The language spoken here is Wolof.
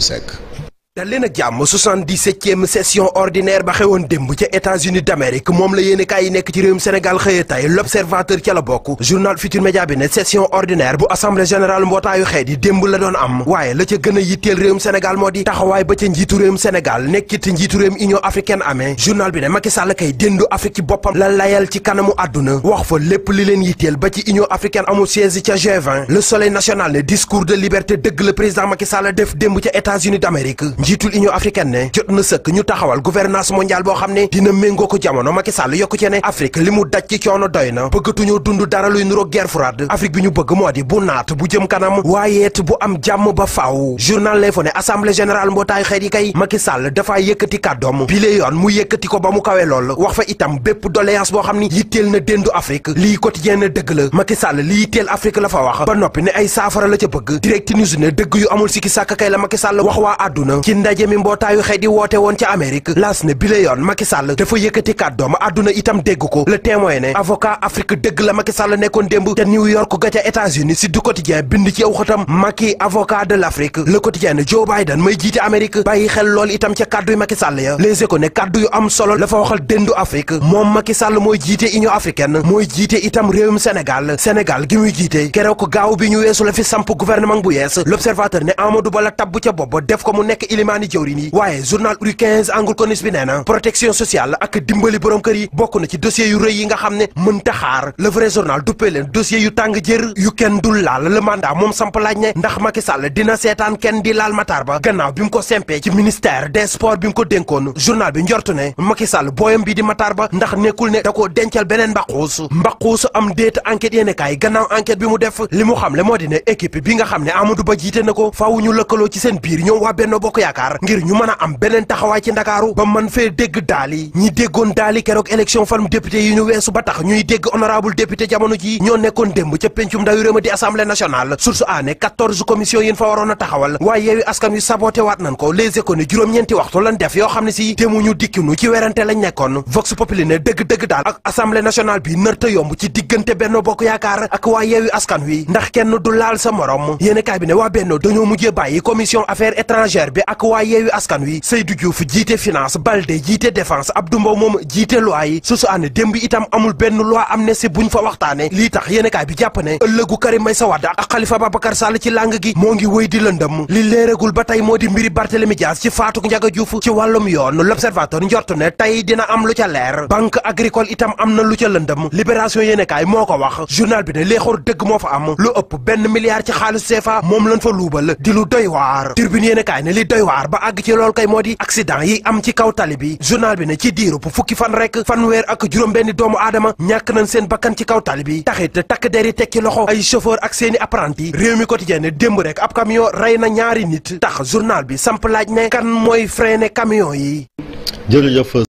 Seck dal leen ak jàmm 77e session ordinaire ba xewoon démb ca États-Unis d'Amérique moom la yéen kaay yi nekk ci réewum Sénégal xëye tay l'observateur ca la bokk journal Futur Média bi ne session ordinaire bu assemblée général mbootaayu xeet yi démb la doon am waaye la ca gën a yitteel réewum Sénégal moo di taxawaay ba ca njiitu réewum Sénégal nekkit njiitu réewum Union africaine amee journal bi ne Macky Sall kay déndu Afrique ci boppam la layal ci kanamu àdduna wax fa lépp li leen yitteel ba ci Union africaine amul siège ca G20 le soleil national ne discours de liberté dëgg la président Macky def démb ca États-Unis d'Amérique njiitul union africaine ne jot na sëkk ñu taxawal gouvernance mondiale boo xam ne dina méngoo ko jamono Macky Sall yokku ci ne Afrique li mu daj ci coono doy na bëggatuñoo dund dara luy nuroo guerre froide Afrique bi ñu bëgg moo di bu naat bu jëm kanam waayeet bu am jàmm ba faaw journal L'Info ne assemblée générale mbootaayu xeet yi kay Macky Sall yëkkati kàddoom bile mu yëkkati ko ba mu kawe lool wax fa itam bépp doléance boo xam ni yitteel na déndu Afrique lii quotidien na dëgg la Macky Sall la fa ba noppi ne ay saafara la ca bëgg direct news ne dëgg yu amul sikki sàkk kay la Macky Sall wax ndaje mi mbootaayu xeet woote woon ca Amérique las ne bi la yoon dafa yëkkati kàddoom àdduna itam dégg ko le témoin ne avocat Afrique dëgg la Macky Sall nekkoon démb te New York ga ca états si du quotidien bind ci yow xatam Macky avocat de l'Afrique le quotidien ne Joe Biden may jiite Amérique bàyyi xel lool itam ca kàddu yu Macky ya Les Échos ne kàddu yu am solo la fa waxal dëndu Afrique moom Macky Sall mooy jiite Union ñu weesu la kéemaani jëwriñ yi waaye journal uri 15 angle corniche bi nee na protection sociale ak dimbali borom kër yi bokk na ci dossier yu rëy yi nga xam ne mënta xaar le vrai journal duppee leen dossier yu tàng jër yu kenn dul laal le mandat moom samp laaj ne ndax Macky Sall dina seetaan kenn di laal Matar Ba gannaaw bi mu ko sempee ci ministère des sports bi mu ko dénkoon journal bi njortu ne Macky Sall booyam bi di Matar Ba ndax nekkul ne da koo dencal beneen mbaquus mbaquus am déet enquête yéen kaay gannaaw enquête bi mu def li mu xam le moo di bi nga xam ne Amadou Ba jiite na ko faaw ñu lëkkaloo ci seen biir ñoom waa Bokk Yaakaar Dakar ngir ñu mën am beneen taxawaay ci ndakaaru ba mën fee dégg daali ñi déggoon daali keroog élection falum député yi ñu weesu ba tax ñuy dégg honorable député jamono ji ñoo nekkoon démb ca péncum ndawi réew di assemblée nationale source aane 14 commission yi fa waroon taxawal waaye yeewi askan yu saboté waat nañ ko les écones juróom-ñeenti waxtu lan def yoo xam ne si demuñu dikkinu ci werante lañ nekkoon vox populi ne dëgg-dëgg daal ak ak waa yeewi askan wi Seydou Diouf jiite finance Balde jiite défense Abdou Mbow moom jiite loi yi su su ànd démb itam amul benn loi amnistie buñ fa waxtaane lii tax yéenekaay bi jàpp ne ëllëgu Karim Meïssa Wade ak Khalifa Babacar Sall ci lang gi moo ngi wéy di lëndëm li léeragul ba tey moo di mbiri Barthélémy Dias ci faatuk Ndiaga Diouf ci wàllum yoon L'Observateur njort ne tey dina am lu ca leer banque agricole itam am na lu ca lëndëm Libération yéenekaay moo ko bi ne léexoor dëgg moo fa am lu ëpp benn milliard ci xaalis CFA moom lañ waar ba àgg ci lool kay moo di accident yi am ci kaw tali bi journal bi ne ci diiru bu fukki fan rek fanweer ak juróom-benn doomu aadama ñàkk nañ seen bakkan ci kaw tali bi taxit takk der yi tekki loxo ay chauffeur ak seeni apprenti réew mi quotidien ne démb rek ab camion rey na ñaari nit tax journal bi samp laaj ne kan mooy ne kamion yi jërëjëf